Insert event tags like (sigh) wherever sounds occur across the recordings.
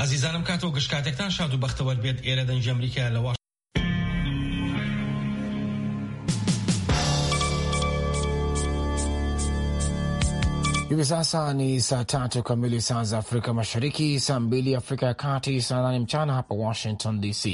ئازیزانم کاتەوە گشتکاتێکتان شاد و بەختەوە بێت ئێرە دەنج ئەمریکا لەوە Hivi sasa ni saa tatu kamili saa za Afrika Mashariki, saa mbili Afrika ya Kati, saa nane mchana hapa Washington DC.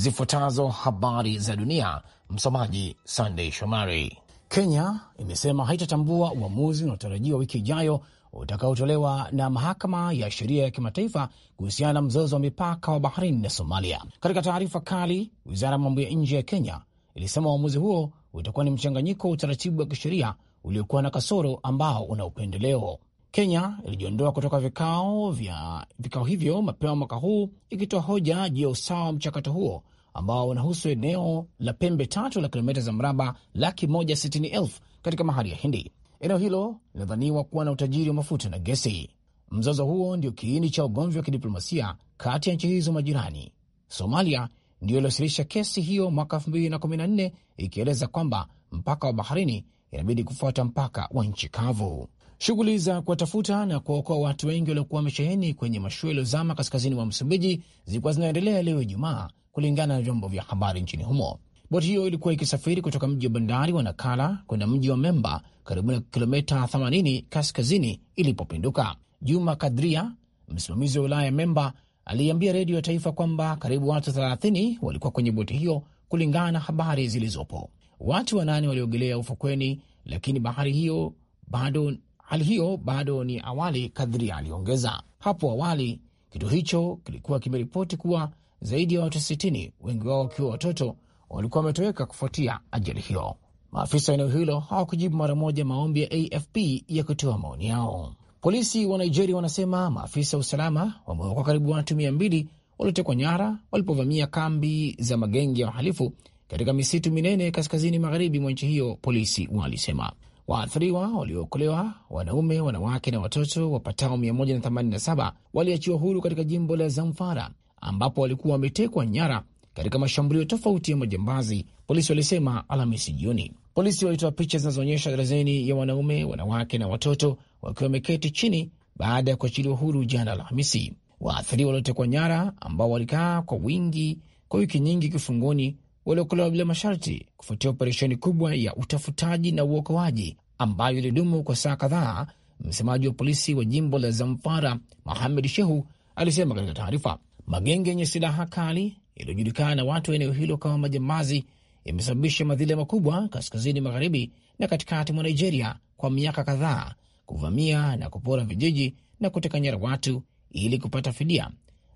Zifuatazo habari za dunia, msomaji Sandey Shomari. Kenya imesema haitatambua uamuzi unaotarajiwa wiki ijayo utakaotolewa na mahakama ya sheria ya kimataifa kuhusiana na mzozo wa mipaka wa Bahrain na Somalia. Katika taarifa kali, wizara ya mambo ya nje ya Kenya ilisema uamuzi huo utakuwa ni mchanganyiko wa utaratibu wa kisheria uliokuwa na kasoro ambao una upendeleo. Kenya ilijiondoa kutoka vikao vya vikao hivyo mapema mwaka huu ikitoa hoja juu ya usawa wa mchakato huo ambao unahusu eneo la pembe tatu la kilomita za mraba laki moja sitini elfu katika bahari ya Hindi. Eneo hilo linadhaniwa kuwa na utajiri wa mafuta na gesi. Mzozo huo ndio kiini cha ugomvi wa kidiplomasia kati ya nchi hizo majirani. Somalia ndiyo iliwasilisha kesi hiyo mwaka 2014 ikieleza kwamba mpaka wa baharini inabidi kufuata mpaka wa nchi kavu. Shughuli za kuwatafuta na kuwaokoa watu wengi waliokuwa wamesheheni kwenye mashua iliyozama kaskazini mwa Msumbiji zilikuwa zinaendelea leo Ijumaa, kulingana na vyombo vya habari nchini humo. Boti hiyo ilikuwa ikisafiri kutoka mji wa bandari wa Nakala kwenda mji wa Memba, karibu na kilomita 80 kaskazini ilipopinduka. Juma Kadria, msimamizi wa wilaya ya Memba, aliambia redio ya taifa kwamba karibu watu 30 walikuwa kwenye boti hiyo, kulingana na habari zilizopo. Watu wanane waliogelea ufukweni, lakini bahari hiyo bado hali hiyo bado ni awali, Kadria aliongeza. Hapo awali kituo hicho kilikuwa kimeripoti kuwa zaidi ya watu 60, wengi wao wakiwa watoto walikuwa wametoweka kufuatia ajali hiyo. Maafisa wa eneo hilo hawakujibu mara moja maombi ya AFP ya kutoa maoni yao. Polisi wa Nigeria wanasema maafisa wa usalama wamewaokoa karibu watu mia mbili waliotekwa nyara walipovamia kambi za magengi ya uhalifu katika misitu minene kaskazini magharibi mwa nchi hiyo, polisi walisema. Waathiriwa waliookolewa, wanaume, wanawake na watoto wapatao 187 waliachiwa huru katika jimbo la Zamfara ambapo walikuwa wametekwa nyara katika mashambulio tofauti ya majambazi, polisi walisema Alhamisi jioni. Polisi walitoa picha zinazoonyesha darazeni ya wanaume, wanawake na watoto wakiwa wameketi chini baada ya kuachiliwa huru jana Alhamisi. Waathiriwa waliotekwa nyara ambao walikaa kwa wingi kwa wiki nyingi kifungoni waliokolewa bila masharti kufuatia operesheni kubwa ya utafutaji na uokoaji ambayo ilidumu kwa saa kadhaa. Msemaji wa polisi wa jimbo la Zamfara, Mohamed Shehu, alisema katika taarifa, magenge yenye silaha kali iliyojulikana na watu wa eneo hilo kama majambazi imesababisha madhila makubwa kaskazini magharibi na katikati mwa Nigeria kwa miaka kadhaa, kuvamia na kupora vijiji na kuteka nyara watu ili kupata fidia,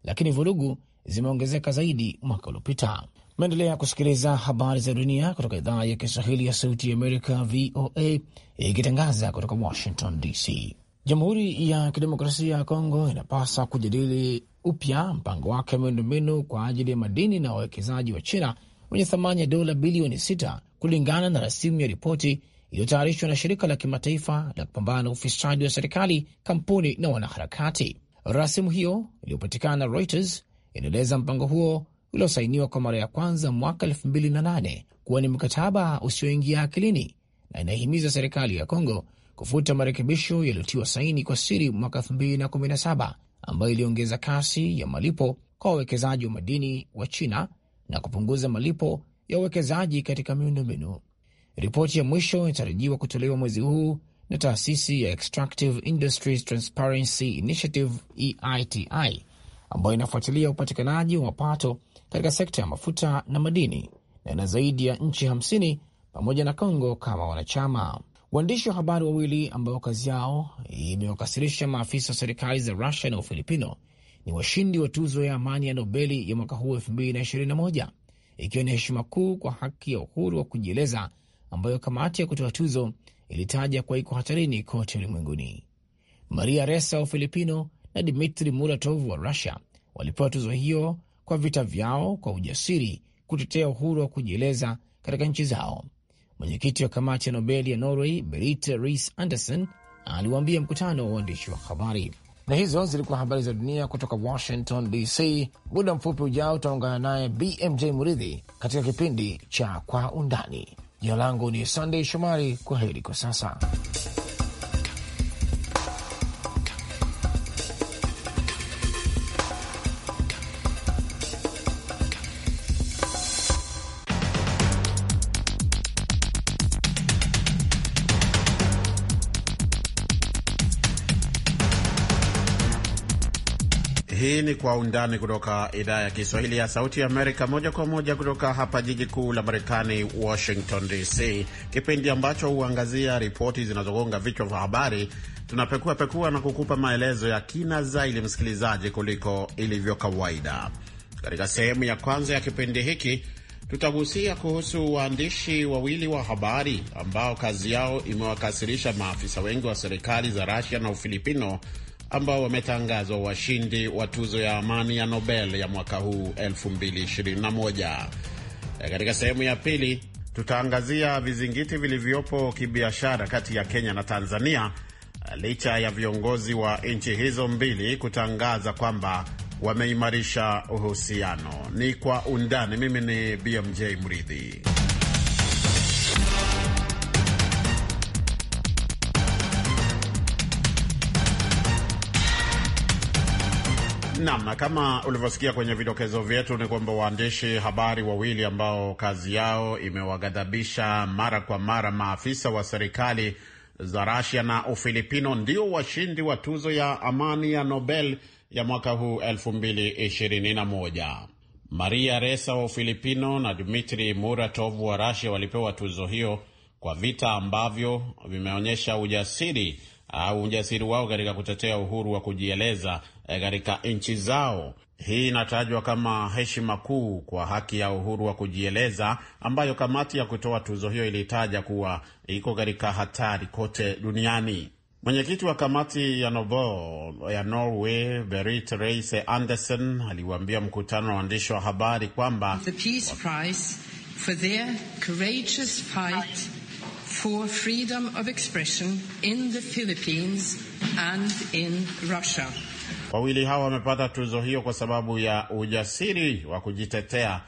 lakini vurugu zimeongezeka zaidi mwaka uliopita. Meendelea kusikiliza habari za dunia kutoka idhaa ya Kiswahili ya Sauti ya Amerika, VOA, ikitangaza kutoka Washington DC. Jamhuri ya Kidemokrasia ya Kongo inapaswa kujadili upya mpango wake wa miundombinu kwa ajili ya madini na wawekezaji wa China wenye thamani ya dola bilioni 6 kulingana na rasimu ya ripoti iliyotayarishwa na shirika la kimataifa la kupambana na ufisadi wa serikali, kampuni na wanaharakati. Rasimu hiyo iliyopatikana na Reuters inaeleza mpango huo uliosainiwa kwa mara ya kwanza mwaka 2008 kuwa ni mkataba usioingia akilini na inahimiza serikali ya congo kufuta marekebisho yaliyotiwa saini kwa siri mwaka 2017 ambayo iliongeza kasi ya malipo kwa wawekezaji wa madini wa China na kupunguza malipo ya uwekezaji katika miundombinu. Ripoti ya mwisho inatarajiwa kutolewa mwezi huu na taasisi ya Extractive Industries Transparency Initiative EITI, ambayo inafuatilia upatikanaji wa mapato katika sekta ya mafuta na madini na ina zaidi ya nchi 50 pamoja na Kongo kama wanachama. Waandishi wa habari wawili ambao kazi yao imewakasirisha maafisa wa serikali za Rusia na Ufilipino ni washindi wa tuzo ya amani ya Nobeli ya mwaka huu 221 ikiwa ni heshima kuu kwa haki ya uhuru wa kujieleza ambayo kamati ya kutoa tuzo ilitaja kuwa iko hatarini kote ulimwenguni. Maria Ressa wa Ufilipino na Dmitri Muratov wa Rusia walipewa tuzo hiyo kwa vita vyao kwa ujasiri kutetea uhuru wa kujieleza katika nchi zao. Mwenyekiti wa kamati ya Nobel ya Norway Berite ris Anderson aliwaambia mkutano wa waandishi wa habari. Na hizo zilikuwa habari za dunia kutoka Washington DC. Muda mfupi ujao utaungana naye BMJ Muridhi katika kipindi cha Kwa Undani. Jina langu ni Sandey Shomari. Kwa heri kwa sasa. kwa undani kutoka idhaa ya Kiswahili ya Sauti ya Amerika, moja kwa moja kutoka hapa jiji kuu la Marekani, Washington DC, kipindi ambacho huangazia ripoti zinazogonga vichwa vya habari. Tunapekua pekua na kukupa maelezo ya kina zaidi, msikilizaji, kuliko ilivyo kawaida. Katika sehemu ya kwanza ya kipindi hiki tutagusia kuhusu waandishi wawili wa habari ambao kazi yao imewakasirisha maafisa wengi wa serikali za rasia na Ufilipino ambao wametangazwa washindi wa tuzo ya amani ya Nobel ya mwaka huu 2021. Eh, katika sehemu ya pili tutaangazia vizingiti vilivyopo kibiashara kati ya Kenya na Tanzania eh, licha ya viongozi wa nchi hizo mbili kutangaza kwamba wameimarisha uhusiano. Ni kwa undani. Mimi ni BMJ Mridhi. Naam, kama ulivyosikia kwenye vidokezo vyetu ni kwamba waandishi habari wawili ambao kazi yao imewaghadhabisha mara kwa mara maafisa wa serikali za Russia na Ufilipino ndio washindi wa tuzo ya amani ya Nobel ya mwaka huu 2021. Maria Ressa wa Ufilipino na Dmitri Muratov wa Russia walipewa tuzo hiyo kwa vita ambavyo vimeonyesha ujasiri au ujasiri wao katika kutetea uhuru wa kujieleza eh, katika nchi zao. Hii inatajwa kama heshima kuu kwa haki ya uhuru wa kujieleza ambayo kamati ya kutoa tuzo hiyo ilitaja kuwa iko katika hatari kote duniani. Mwenyekiti wa kamati ya Nobel ya Norway Berit Reise Andersen aliwaambia mkutano wa waandishi wa habari kwamba The Peace Prize for their courageous fight for freedom of expression in the Philippines and in Russia. Wawili hawa wamepata tuzo hiyo kwa sababu ya ujasiri wa kujitetea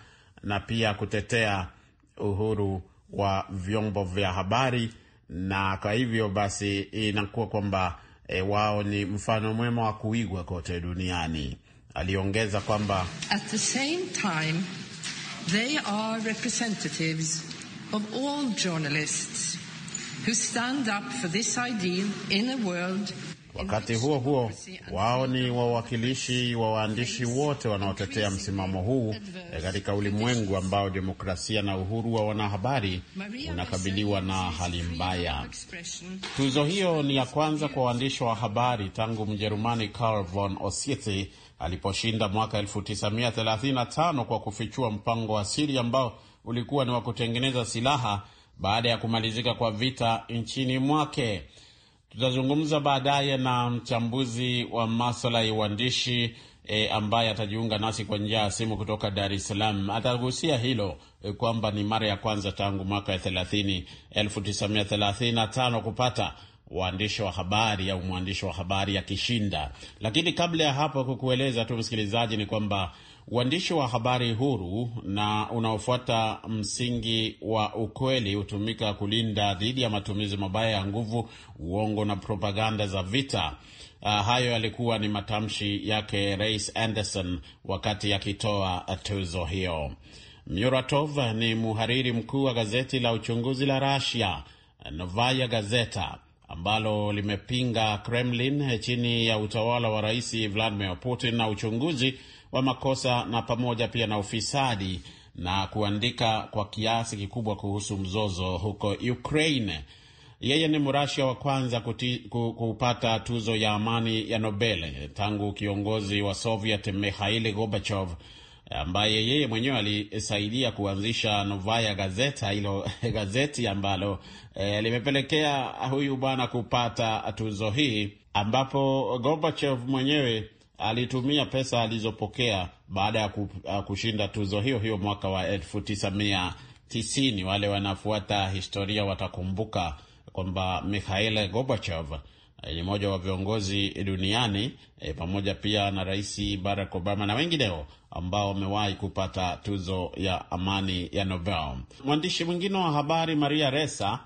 na pia kutetea uhuru wa vyombo vya habari, na kwa hivyo basi inakuwa kwamba e, wao ni mfano mwema wa kuigwa kote duniani. Aliongeza kwamba At the same time, they are representatives of all journalists who stand up for this ideal in a world. Wakati huo huo, wao ni wawakilishi wa waandishi wote wanaotetea msimamo huu katika ulimwengu ambao demokrasia na uhuru wa wanahabari unakabiliwa na hali mbaya. Tuzo hiyo ni ya kwanza kwa waandishi wa habari tangu Mjerumani Karl von Ossietzky aliposhinda mwaka 1935 kwa kufichua mpango wa siri ambao ulikuwa ni wa kutengeneza silaha baada ya kumalizika kwa vita nchini mwake. Tutazungumza baadaye na mchambuzi wa maswala ya uandishi e, ambaye atajiunga nasi kwa njia ya simu kutoka Dar es Salaam. Atagusia hilo e, kwamba ni mara ya kwanza tangu mwaka wa 1935 kupata waandishi wa habari au mwandishi wa habari akishinda. Lakini kabla ya hapo, kukueleza tu msikilizaji, ni kwamba Uandishi wa habari huru na unaofuata msingi wa ukweli hutumika kulinda dhidi ya matumizi mabaya ya nguvu, uongo na propaganda za vita. Uh, hayo yalikuwa ni matamshi yake Rais Anderson wakati akitoa tuzo hiyo. Muratov ni mhariri mkuu wa gazeti la uchunguzi la Russia Novaya Gazeta ambalo limepinga Kremlin chini ya utawala wa Rais Vladimir Putin na uchunguzi wa makosa na pamoja pia na ufisadi na kuandika kwa kiasi kikubwa kuhusu mzozo huko Ukraine. Yeye ni Mrasia wa kwanza kuti, kupata tuzo ya amani ya Nobel tangu kiongozi wa Soviet Mikhail Gorbachev ambaye yeye mwenyewe alisaidia kuanzisha Novaya Gazeta, hilo (laughs) gazeti ambalo e, limepelekea huyu bwana kupata tuzo hii, ambapo Gorbachev mwenyewe alitumia pesa alizopokea baada ya uh, kushinda tuzo hiyo hiyo mwaka wa 1990. Wale wanafuata historia watakumbuka kwamba Mikhail Gorbachev uh, ni mmoja wa viongozi duniani e, pamoja pia na Rais Barack Obama na wengineo ambao wamewahi kupata tuzo ya amani ya Nobel. Mwandishi mwingine wa habari Maria Ressa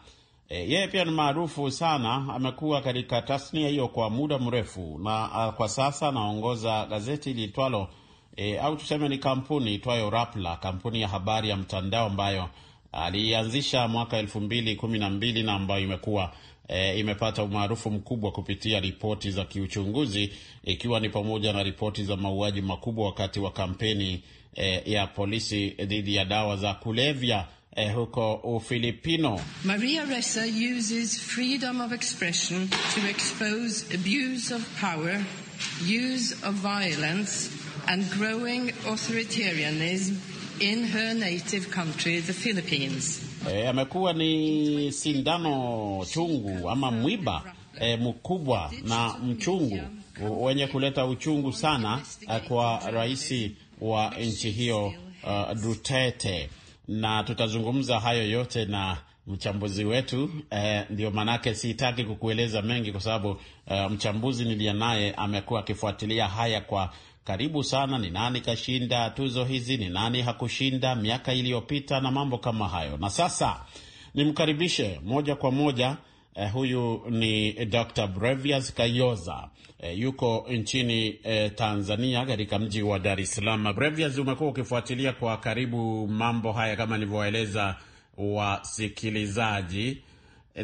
E, yeye pia ni maarufu sana, amekuwa katika tasnia hiyo kwa muda mrefu, na a, ah, kwa sasa anaongoza gazeti liitwalo e, au tuseme ni kampuni itwayo Rapla, kampuni ya habari ya mtandao ambayo alianzisha mwaka elfu mbili kumi na mbili na ambayo imekuwa e, imepata umaarufu mkubwa kupitia ripoti za kiuchunguzi ikiwa ni pamoja na ripoti za mauaji makubwa wakati wa kampeni e, ya polisi dhidi ya dawa za kulevya eh, huko Ufilipino. Maria Ressa uses freedom of expression to expose abuse of power, use of violence and growing authoritarianism in her native country, the Philippines. E, amekuwa ni sindano chungu ama mwiba e, mkubwa na mchungu wenye kuleta uchungu sana eh, kwa rais wa nchi hiyo uh, Duterte na tutazungumza hayo yote na mchambuzi wetu eh, ndio maanake sitaki kukueleza mengi kwa sababu eh, mchambuzi niliye naye amekuwa akifuatilia haya kwa karibu sana. Ni nani kashinda tuzo hizi, ni nani hakushinda miaka iliyopita na mambo kama hayo. Na sasa nimkaribishe moja kwa moja Eh, huyu ni eh, Dr. Brevias Kayoza eh, yuko nchini eh, Tanzania katika mji wa Dar es Salaam. Brevias, umekuwa ukifuatilia kwa karibu mambo haya kama nilivyoeleza wasikilizaji,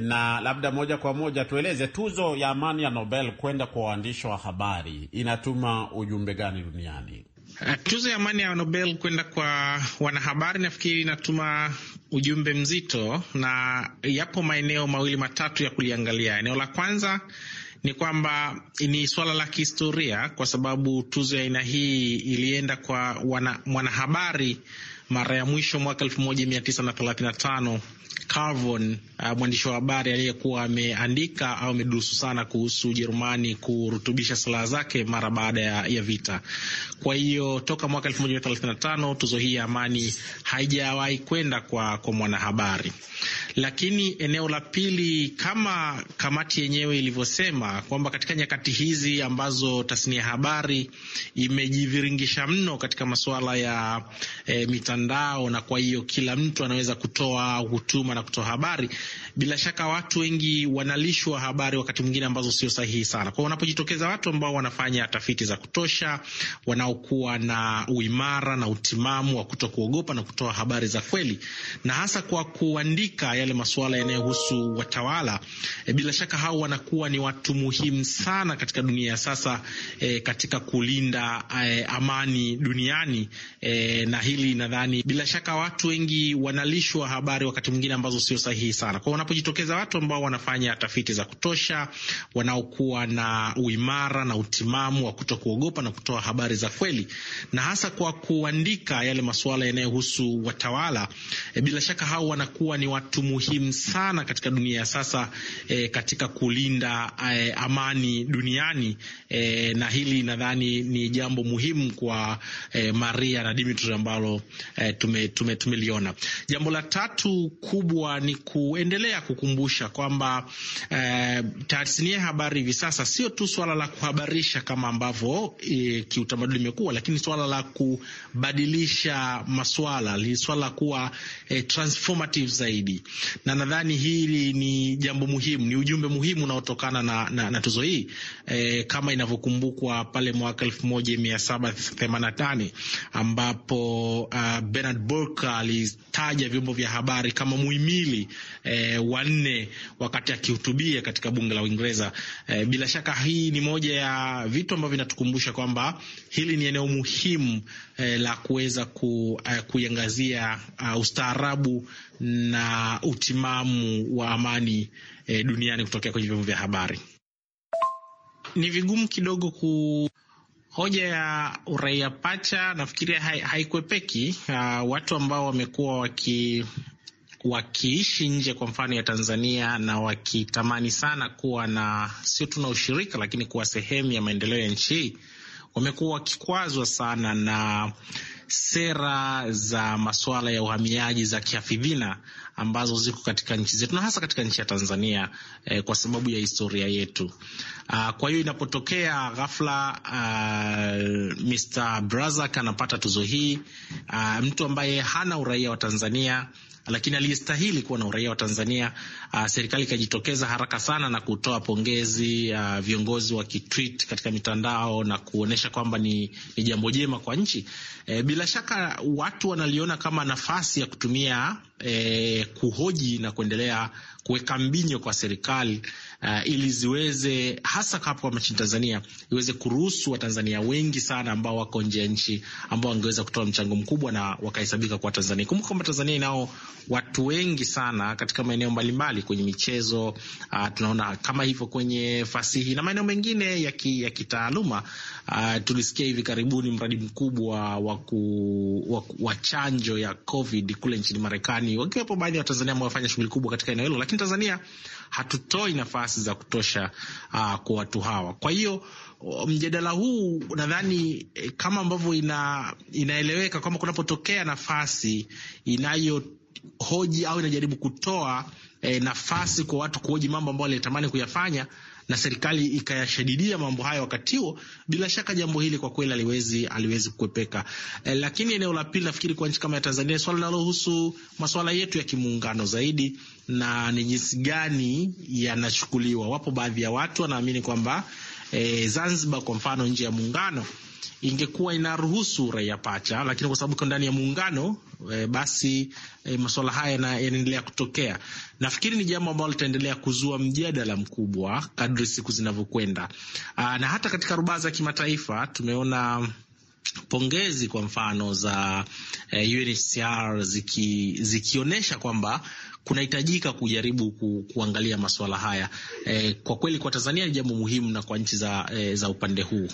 na labda moja kwa moja tueleze, tuzo ya amani ya Nobel kwenda kwa waandishi wa habari inatuma ujumbe gani duniani? Eh, tuzo ya amani ya Nobel kwenda kwa wanahabari, nafikiri inatuma ujumbe mzito, na yapo maeneo mawili matatu ya kuliangalia. Eneo la kwanza ni kwamba ni suala la kihistoria, kwa sababu tuzo ya aina hii ilienda kwa mwanahabari mara ya mwisho mwaka tano Carvon, uh, mwandishi wa habari aliyekuwa ameandika au amedurusu sana kuhusu Ujerumani kurutubisha silaha zake mara baada ya, ya vita. Kwa hiyo toka mwaka 1935 tuzo hii ya amani haijawahi kwenda kwa, kwa mwanahabari. Lakini eneo la pili, kama kamati yenyewe ilivyosema kwamba katika nyakati hizi ambazo tasnia ya habari imejiviringisha mno katika masuala ya e, mitandao, na kwa hiyo kila mtu anaweza kutoa hutuma na kutoa habari bila shaka watu wengi wanalishwa habari wakati mwingine ambazo sio sahihi sana. Kwa hiyo wanapojitokeza watu ambao wanafanya tafiti za kutosha, wanaokuwa na uimara na utimamu wa kuto kuogopa na kutoa habari za kweli, na hasa kwa kuandika yale masuala yanayohusu watawala e, bila shaka hao wanakuwa ni watu muhimu sana katika dunia ya sasa e, katika kulinda e, amani duniani e, na hili nadhani bila shaka watu wengi wanalishwa habari wakati mwingine ambazo sio sahihi sana. Kwa wanapojitokeza watu ambao wanafanya tafiti za kutosha, wanaokuwa na uimara na utimamu wa kuto kuogopa na kutoa habari za kweli, na hasa kwa kuandika yale masuala yanayohusu watawala e, bila shaka hao wanakuwa ni watu muhimu sana katika dunia ya sasa e, katika kulinda e, amani duniani e, na hili nadhani ni jambo muhimu kwa e, Maria na Dimitri ambalo e, tumeliona tume, tume jambo la tatu kubwa ni kuendelea ya kukumbusha kwamba eh, tasnia ya habari hivi sasa sio tu swala la kuhabarisha kama ambavyo eh, kiutamaduni imekuwa, lakini swala la kubadilisha maswala, ni swala la kuwa eh, transformative zaidi, na nadhani hili ni jambo muhimu, ni ujumbe muhimu unaotokana na, na, na tuzo hii eh, kama inavyokumbukwa pale mwaka 1788 ambapo uh, Bernard Burke alitaja vyombo vya habari kama muhimili eh, wanne wakati akihutubia katika bunge la Uingereza. Eh, bila shaka hii ni moja ya vitu ambavyo vinatukumbusha kwamba hili ni eneo muhimu eh, la kuweza ku, eh, kuiangazia uh, ustaarabu na utimamu wa amani eh, duniani kutokea kwenye vyombo vya habari. Ni vigumu kidogo ku hoja ya uraia pacha nafikiria haikwepeki. Uh, ah, watu ambao wamekuwa waki wakiishi nje kwa mfano ya Tanzania na wakitamani sana kuwa na sio tu na ushirika, lakini kuwa sehemu ya maendeleo ya nchi hii wamekuwa wakikwazwa sana na sera za masuala ya uhamiaji za kihafidhina ambazo ziko katika nchi zetu na hasa katika nchi ya Tanzania eh, kwa sababu ya historia yetu. Uh, kwa hiyo inapotokea ghafla uh, ah, Mr. Brazak anapata tuzo hii uh, mtu ambaye hana uraia wa Tanzania lakini aliyestahili kuwa na uraia wa Tanzania. Uh, serikali ikajitokeza haraka sana na kutoa pongezi uh, viongozi wakitweet katika mitandao na kuonyesha kwamba ni, ni jambo jema kwa nchi. E, bila shaka watu wanaliona kama nafasi ya kutumia eh, kuhoji na kuendelea kuweka mbinyo kwa serikali uh, eh, ili ziweze hasa hapa nchini Tanzania iweze kuruhusu Watanzania wengi sana ambao wako nje ya nchi ambao wangeweza kutoa mchango mkubwa na wakahesabika kwa Tanzania. Kumbuka kwamba Tanzania inao watu wengi sana katika maeneo mbalimbali, kwenye michezo uh, tunaona kama hivyo kwenye fasihi na maeneo mengine ya kitaaluma. Uh, tulisikia hivi karibuni mradi mkubwa wa chanjo ya COVID kule nchini Marekani Marekani, wakiwepo baadhi ya Watanzania ambao wafanya shughuli kubwa katika eneo hilo, lakini Tanzania hatutoi nafasi za kutosha uh, kwa watu hawa. Kwa hiyo oh, mjadala huu nadhani eh, kama ambavyo ina, inaeleweka kwamba kunapotokea nafasi inayohoji au inajaribu kutoa e, nafasi kwa watu kuhoji mambo ambayo walitamani kuyafanya na serikali ikayashadidia mambo hayo wakati huo, bila shaka jambo hili kwa kweli aliwezi aliwezi kukwepeka. E, lakini eneo la pili nafikiri kwa nchi kama ya Tanzania swala linalohusu masuala yetu ya kimuungano zaidi na ni jinsi gani yanachukuliwa. Wapo baadhi ya watu wanaamini kwamba e, Zanzibar kwa mfano nje ya muungano ingekuwa inaruhusu raia pacha, lakini kwa sababu iko ndani ya muungano e, basi e, masuala haya yanaendelea kutokea. Nafikiri ni jambo ambalo litaendelea kuzua mjadala mkubwa kadri siku zinavyokwenda, ah, na hata katika rubaa za kimataifa tumeona pongezi kwa mfano za e, UNHCR ziki, zikionyesha kwamba kunahitajika kujaribu ku, kuangalia masuala haya e, kwa kweli kwa Tanzania ni jambo muhimu na kwa nchi za, e, za upande huu.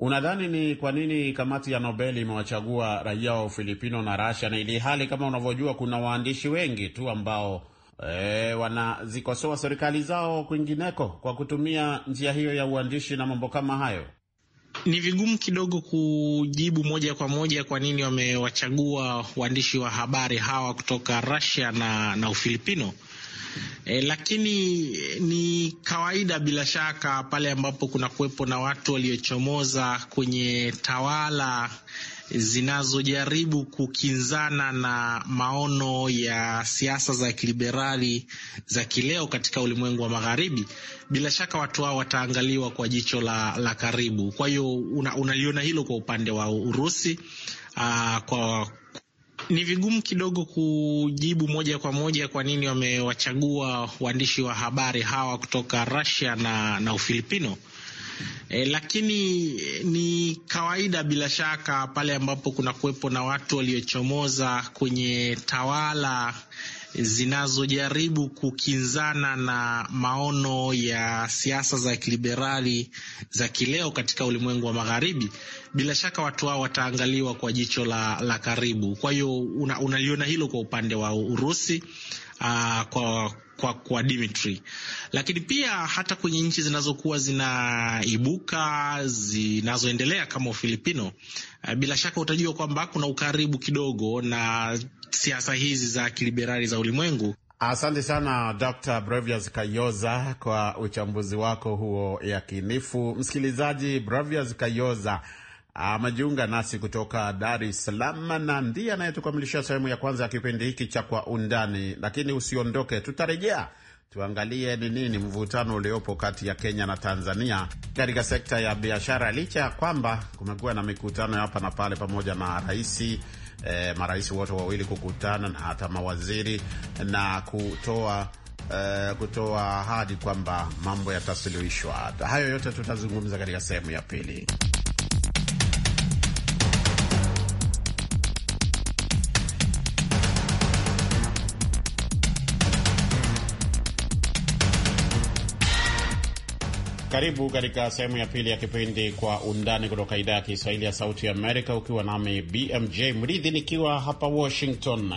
Unadhani ni kwa nini kamati ya Nobel imewachagua raia wa Ufilipino na Rasia na ili hali kama unavyojua kuna waandishi wengi tu ambao e, wanazikosoa serikali zao kwingineko kwa kutumia njia hiyo ya uandishi na mambo kama hayo? Ni vigumu kidogo kujibu moja kwa moja kwa nini wamewachagua waandishi wa habari hawa kutoka Russia na, na Ufilipino. E, lakini eh, ni kawaida bila shaka pale ambapo kuna kuwepo na watu waliochomoza kwenye tawala zinazojaribu kukinzana na maono ya siasa za kiliberali za kileo katika ulimwengu wa Magharibi, bila shaka watu hao wataangaliwa kwa jicho la, la karibu. Kwa hiyo unaliona una hilo kwa upande wa Urusi. Aa, kwa ni vigumu kidogo kujibu moja kwa moja kwa nini wamewachagua waandishi wa habari hawa kutoka Russia na, na Ufilipino E, lakini eh, ni kawaida bila shaka pale ambapo kuna kuwepo na watu waliochomoza kwenye tawala zinazojaribu kukinzana na maono ya siasa za kiliberali za kileo katika ulimwengu wa magharibi, bila shaka watu hao wataangaliwa kwa jicho la, la karibu. Kwa hiyo unaliona una hilo kwa upande wa Urusi aa, ah, kwa kwa, kwa Dimitri. Lakini pia hata kwenye nchi zinazokuwa zinaibuka zinazoendelea kama Ufilipino, eh, bila shaka utajua kwamba kuna ukaribu kidogo na siasa hizi za kiliberali za ulimwengu. Asante sana Dr. Brevias Kayoza kwa uchambuzi wako huo yakinifu. Msikilizaji, Brevias Kayoza amejiunga nasi kutoka Dar es Salaam na ndiye anayetukamilishia sehemu ya kwanza ya kipindi hiki cha Kwa Undani. Lakini usiondoke, tutarejea tuangalie ni nini mvutano uliopo kati ya Kenya na Tanzania katika sekta ya biashara, licha ya kwamba kumekuwa na mikutano hapa na pale pamoja na raisi eh, marais wote wawili kukutana na hata mawaziri na kutoa eh, kutoa ahadi kwamba mambo yatasuluhishwa. Hayo yote tutazungumza katika sehemu ya pili. Karibu katika sehemu ya pili ya kipindi Kwa Undani kutoka idhaa ya Kiswahili ya Sauti ya Amerika, ukiwa nami BMJ Mridhi nikiwa hapa Washington.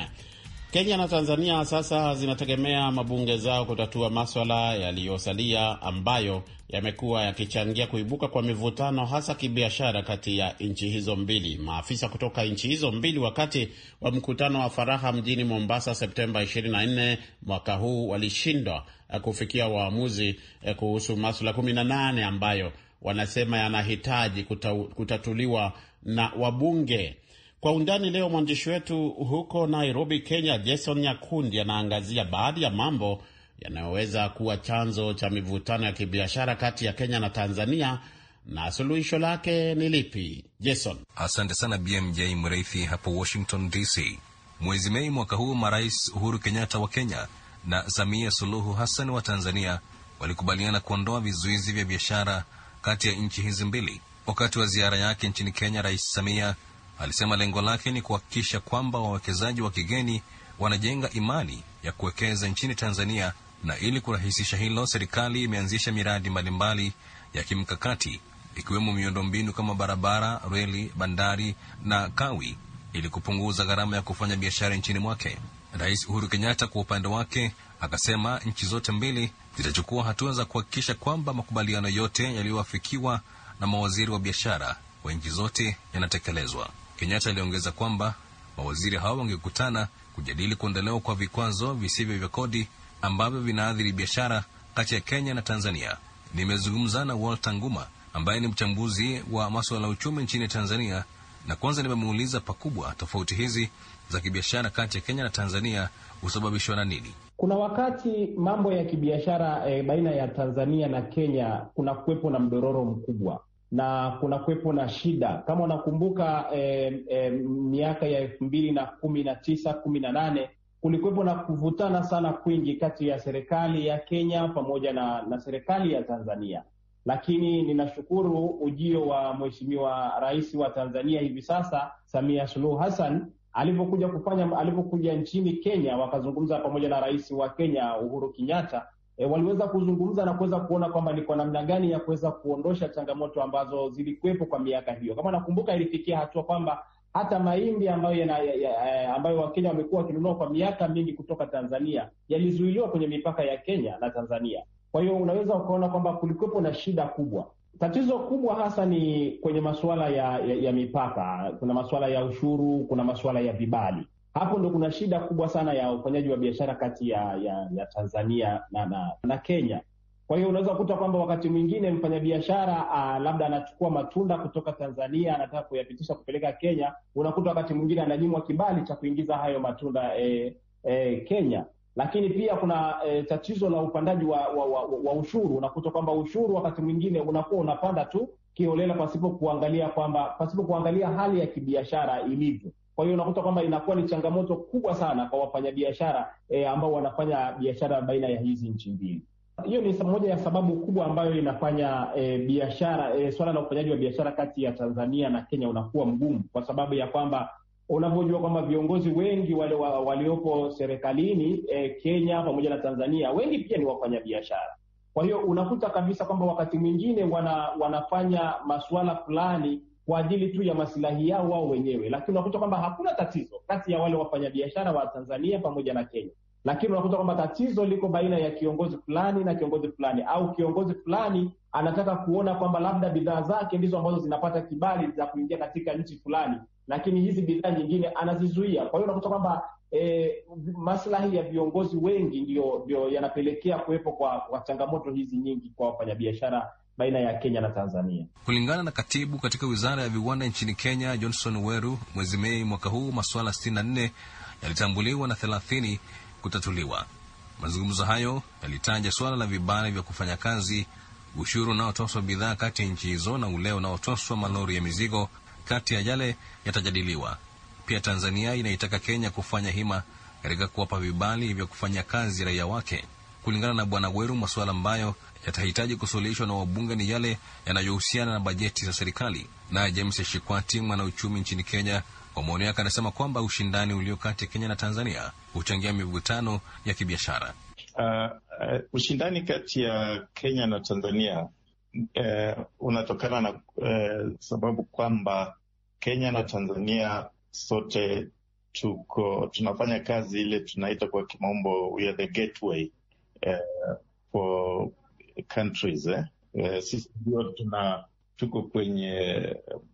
Kenya na Tanzania sasa zinategemea mabunge zao kutatua maswala yaliyosalia ambayo yamekuwa yakichangia kuibuka kwa mivutano hasa kibiashara kati ya nchi hizo mbili. Maafisa kutoka nchi hizo mbili wakati wa mkutano wa faraha mjini Mombasa Septemba 24 mwaka huu walishindwa kufikia waamuzi eh, kuhusu maswala 18 ambayo wanasema yanahitaji kutatuliwa na wabunge. Kwa undani leo, mwandishi wetu huko Nairobi, Kenya, Jason Nyakundi anaangazia baadhi ya mambo yanayoweza kuwa chanzo cha mivutano ya kibiashara kati ya Kenya na Tanzania na suluhisho lake ni lipi? Jason. Asante sana BMJ Mreithi hapo Washington DC. Mwezi Mei mwaka huu marais Uhuru Kenyatta wa Kenya na Samia Suluhu Hassan wa Tanzania walikubaliana kuondoa vizuizi vya biashara kati ya nchi hizi mbili. Wakati wa ziara yake nchini Kenya, Rais Samia alisema lengo lake ni kuhakikisha kwamba wawekezaji wa kigeni wanajenga imani ya kuwekeza nchini Tanzania, na ili kurahisisha hilo, serikali imeanzisha miradi mbalimbali ya kimkakati ikiwemo miundombinu kama barabara, reli, bandari na kawi ili kupunguza gharama ya kufanya biashara nchini mwake. Rais Uhuru Kenyatta kwa upande wake akasema nchi zote mbili zitachukua hatua za kuhakikisha kwamba makubaliano yote yaliyoafikiwa na mawaziri wa biashara wa nchi zote yanatekelezwa. Kenyatta aliongeza kwamba mawaziri hao wangekutana kujadili kuondolewa kwa vikwazo visivyo vya kodi ambavyo vinaathiri biashara kati ya Kenya na Tanzania. Nimezungumza na Walter Nguma ambaye ni mchambuzi wa maswala ya uchumi nchini Tanzania, na kwanza nimemuuliza pakubwa tofauti hizi za kibiashara kati ya Kenya na Tanzania husababishwa na nini? Kuna wakati mambo ya kibiashara e, baina ya Tanzania na Kenya kuna kuwepo na mdororo mkubwa na kuna kuwepo na shida kama unakumbuka eh, eh, miaka ya elfu mbili na kumi na tisa kumi na nane kulikuwepo na kuvutana sana kwingi kati ya serikali ya Kenya pamoja na, na serikali ya Tanzania, lakini ninashukuru ujio wa mheshimiwa rais wa Tanzania hivi sasa Samia Suluhu Hassan alivyokuja kufanya alivyokuja nchini Kenya, wakazungumza pamoja na rais wa Kenya Uhuru Kenyatta e, waliweza kuzungumza na kuweza kuona kwamba ni kwa namna gani ya kuweza kuondosha changamoto ambazo zilikuwepo kwa miaka hiyo. Kama nakumbuka, ilifikia hatua kwamba hata mahindi ambayo yana, ya, ya, eh, ambayo Wakenya wamekuwa wakinunua kwa miaka mingi kutoka Tanzania yalizuiliwa kwenye mipaka ya Kenya na Tanzania. Kwa hiyo unaweza ukaona kwamba kulikuwepo na shida kubwa. Tatizo kubwa hasa ni kwenye masuala ya, ya, ya mipaka. Kuna masuala ya ushuru, kuna masuala ya vibali. Hapo ndo kuna shida kubwa sana ya ufanyaji wa biashara kati ya, ya, ya Tanzania na, na, na Kenya. Kwa hiyo unaweza kukuta kwamba wakati mwingine mfanyabiashara uh, labda anachukua matunda kutoka Tanzania anataka kuyapitisha kupeleka Kenya, unakuta wakati mwingine ananyimwa kibali cha kuingiza hayo matunda eh, eh, Kenya. Lakini pia kuna eh, tatizo la upandaji wa, wa, wa, wa ushuru. Unakuta kwamba ushuru wakati mwingine unakuwa unapanda tu kiholela pasipo kuangalia kwamba pasipo kuangalia hali ya kibiashara ilivyo. Kwa hiyo unakuta kwamba inakuwa ni changamoto kubwa sana kwa wafanyabiashara e, ambao wanafanya biashara baina ya hizi nchi mbili. Hiyo ni moja ya sababu kubwa ambayo inafanya e, biashara e, swala la ufanyaji wa biashara kati ya Tanzania na Kenya unakuwa mgumu kwa sababu ya kwamba unavyojua kwamba viongozi wengi wale waliopo serikalini e, Kenya pamoja na Tanzania wengi pia ni wafanyabiashara. Kwa hiyo unakuta kabisa kwamba wakati mwingine wana, wanafanya masuala fulani kwa ajili tu ya masilahi yao wao wenyewe, lakini unakuta kwamba hakuna tatizo kati ya wale wafanyabiashara wa Tanzania pamoja na Kenya, lakini unakuta kwamba tatizo liko baina ya kiongozi fulani na kiongozi fulani, au kiongozi fulani anataka kuona kwamba labda bidhaa zake ndizo ambazo zinapata kibali za kuingia katika nchi fulani, lakini hizi bidhaa nyingine anazizuia. Kwa hiyo unakuta kwamba E, maslahi ya viongozi wengi ndio ndio yanapelekea kuwepo kwa, kwa changamoto hizi nyingi kwa wafanyabiashara baina ya Kenya na Tanzania. Kulingana na katibu katika wizara ya viwanda nchini Kenya, Johnson Weru, mwezi Mei mwaka huu masuala 64 yalitambuliwa na 30 kutatuliwa. Mazungumzo hayo yalitaja suala la vibali vya kufanya kazi, ushuru unaotoswa bidhaa kati ya nchi hizo na ule unaotoswa malori ya mizigo. Kati ya yale yatajadiliwa pia, Tanzania inaitaka Kenya kufanya hima katika kuwapa vibali vya kufanya kazi raia wake. Kulingana na Bwana Weru, masuala ambayo yatahitaji kusuluhishwa na wabunge ni yale yanayohusiana na bajeti za serikali. Naye James Shikwati, mwanauchumi nchini Kenya, kwa maoni yake anasema kwamba ushindani ulio kati ya Kenya na Tanzania huchangia mivutano ya kibiashara. Uh, uh, ushindani kati ya Kenya na Tanzania uh, unatokana na uh, sababu kwamba Kenya na Tanzania sote tuko tunafanya kazi ile tunaita kwa kimombo we are the gateway uh, for countries eh? eh? sisi ndio tuna tuko kwenye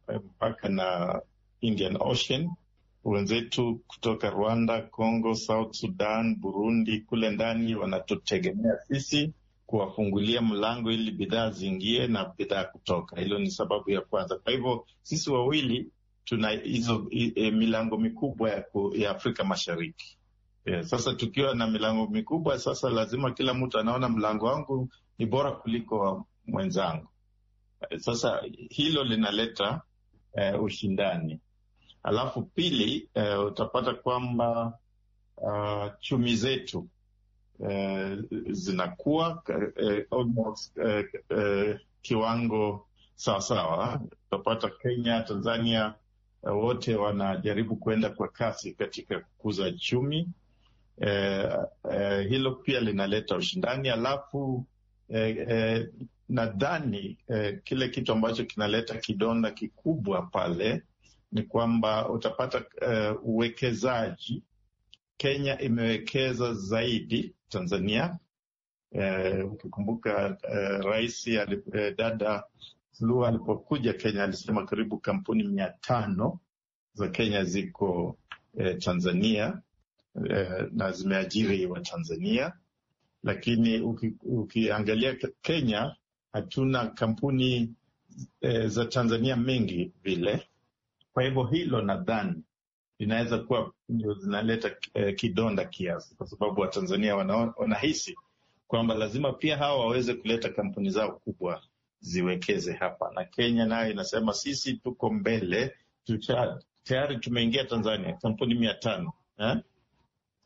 eh, mpaka na Indian Ocean. Wenzetu kutoka Rwanda, Congo, South Sudan, Burundi kule ndani wanatutegemea sisi kuwafungulia mlango ili bidhaa ziingie na bidhaa kutoka. Hilo ni sababu ya kwanza. Kwa hivyo sisi wawili tuna hizo e, milango mikubwa ya, ku, ya Afrika Mashariki. Yeah, sasa tukiwa na milango mikubwa sasa, lazima kila mtu anaona mlango wangu ni bora kuliko mwenzangu. Sasa hilo linaleta uh, ushindani. Alafu pili, uh, utapata kwamba uh, chumi zetu uh, zinakuwa uh, almost uh, uh, kiwango sawasawa. Utapata Kenya, Tanzania wote wanajaribu kuenda kwa kasi katika kukuza chumi. Uh, uh, hilo pia linaleta ushindani. Alafu eh, eh, nadhani eh, kile kitu ambacho kinaleta kidonda kikubwa pale ni kwamba utapata eh, uwekezaji. Kenya imewekeza zaidi Tanzania. Eh, ukikumbuka eh, rais eh, dada Lua alipokuja Kenya alisema karibu kampuni mia tano za Kenya ziko eh, Tanzania eh, na zimeajiri wa Tanzania lakini uki, ukiangalia Kenya hatuna kampuni e, za Tanzania mengi vile. Kwa hivyo hilo nadhani linaweza kuwa ndio zinaleta e, kidonda kiasi, kwa sababu Watanzania wanahisi kwamba lazima pia hawa waweze kuleta kampuni zao kubwa ziwekeze hapa, na Kenya nayo inasema sisi tuko mbele, tayari tumeingia Tanzania kampuni mia tano eh?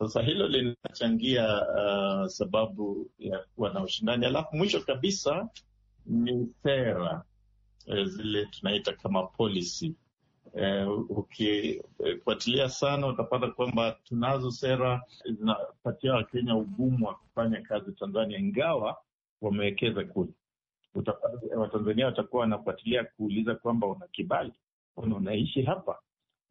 Sasa hilo linachangia uh, sababu ya kuwa na ushindani. Alafu mwisho kabisa ni sera eh, zile tunaita kama policy. Eh, ukifuatilia sana utapata kwamba tunazo sera zinapatia Wakenya ugumu wa kufanya kazi Tanzania, ingawa wamewekeza kule. Watanzania watakuwa wanafuatilia kuuliza kwamba una kibali, unaishi hapa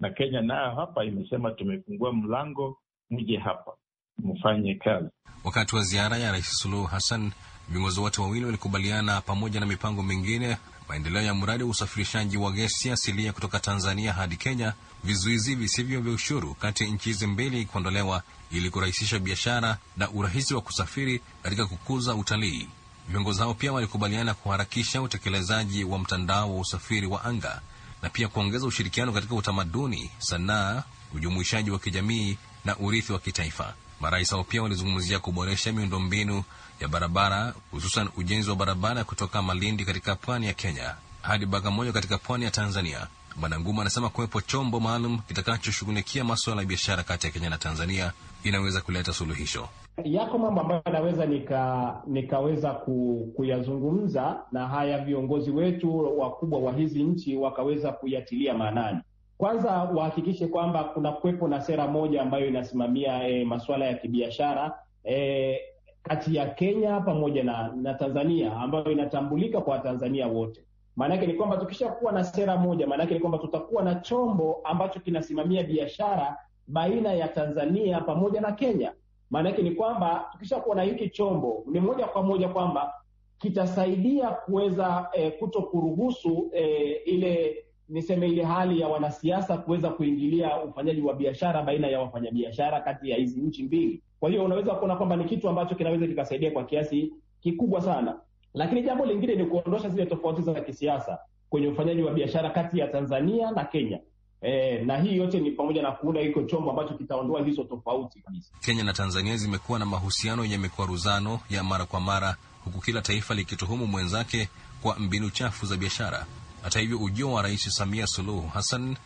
na Kenya nayo hapa imesema tumefungua mlango mje hapa mfanye kazi. Wakati wa ziara ya Rais Suluhu Hassan, viongozi wote wawili walikubaliana pamoja na mipango mingine maendeleo ya mradi wa usafirishaji wa gesi asilia kutoka Tanzania hadi Kenya, vizuizi visivyo vya ushuru kati ya nchi hizi mbili kuondolewa ili kurahisisha biashara na urahisi wa kusafiri katika kukuza utalii. Viongozi hao pia walikubaliana kuharakisha utekelezaji wa mtandao wa usafiri wa anga na pia kuongeza ushirikiano katika utamaduni, sanaa, ujumuishaji wa kijamii na urithi wa kitaifa. Marais hao pia walizungumzia kuboresha miundombinu ya barabara, hususan ujenzi wa barabara kutoka Malindi katika pwani ya Kenya hadi Bagamoyo katika pwani ya Tanzania. Bwana Nguma anasema kuwepo chombo maalum kitakachoshughulikia maswala ya biashara kati ya Kenya na Tanzania inaweza kuleta suluhisho. Yako mambo ambayo naweza nika, nikaweza ku, kuyazungumza na haya viongozi wetu wakubwa wa hizi nchi wakaweza kuyatilia maanani. Kwanza wahakikishe kwamba kuna kuwepo na sera moja ambayo inasimamia e, eh, masuala ya kibiashara e, kati ya Kenya pamoja na, na Tanzania ambayo inatambulika kwa Watanzania wote. Maanake ni kwamba tukishakuwa na sera moja, maanake ni kwamba tutakuwa na chombo ambacho kinasimamia biashara baina ya Tanzania pamoja na Kenya. Maanake ni kwamba tukishakuwa na hiki chombo, ni moja kwa moja kwamba kitasaidia kuweza e, eh, kuto kuruhusu e, ile niseme ile hali ya wanasiasa kuweza kuingilia ufanyaji wa biashara baina ya wafanyabiashara kati ya hizi nchi mbili. Kwa hiyo unaweza kuona kwamba ni kitu ambacho kinaweza kikasaidia kwa kiasi kikubwa sana, lakini jambo lingine ni kuondosha zile tofauti za kisiasa kwenye ufanyaji wa biashara kati ya Tanzania na Kenya. E, na hii yote ni pamoja na kuunda iko chombo ambacho kitaondoa hizo tofauti kabisa. Kenya na Tanzania zimekuwa na mahusiano yenye mikwaruzano ya mara kwa mara, huku kila taifa likituhumu mwenzake kwa mbinu chafu za biashara. Hata hivyo, ujio wa Rais Samia Suluhu Hassan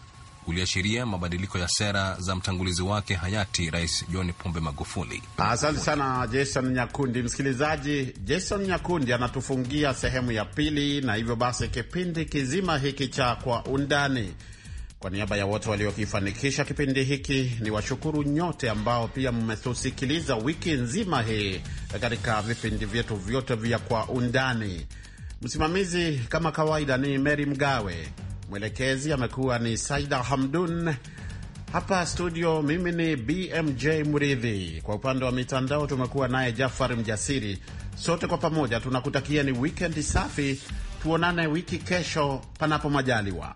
uliashiria mabadiliko ya sera za mtangulizi wake hayati Rais John Pombe Magufuli. Asante sana Jason Nyakundi. Msikilizaji, Jason Nyakundi anatufungia sehemu ya pili, na hivyo basi kipindi kizima hiki cha Kwa Undani, kwa niaba ya wote waliokifanikisha kipindi hiki, ni washukuru nyote ambao pia mmetusikiliza wiki nzima hii katika vipindi vyetu vyote vya Kwa Undani. Msimamizi kama kawaida ni Mary Mgawe, mwelekezi amekuwa ni Saida Hamdun. Hapa studio mimi ni BMJ Mridhi. Kwa upande wa mitandao tumekuwa naye Jafar Mjasiri. Sote kwa pamoja tunakutakia ni wikendi safi. Tuonane wiki kesho, panapo majaliwa.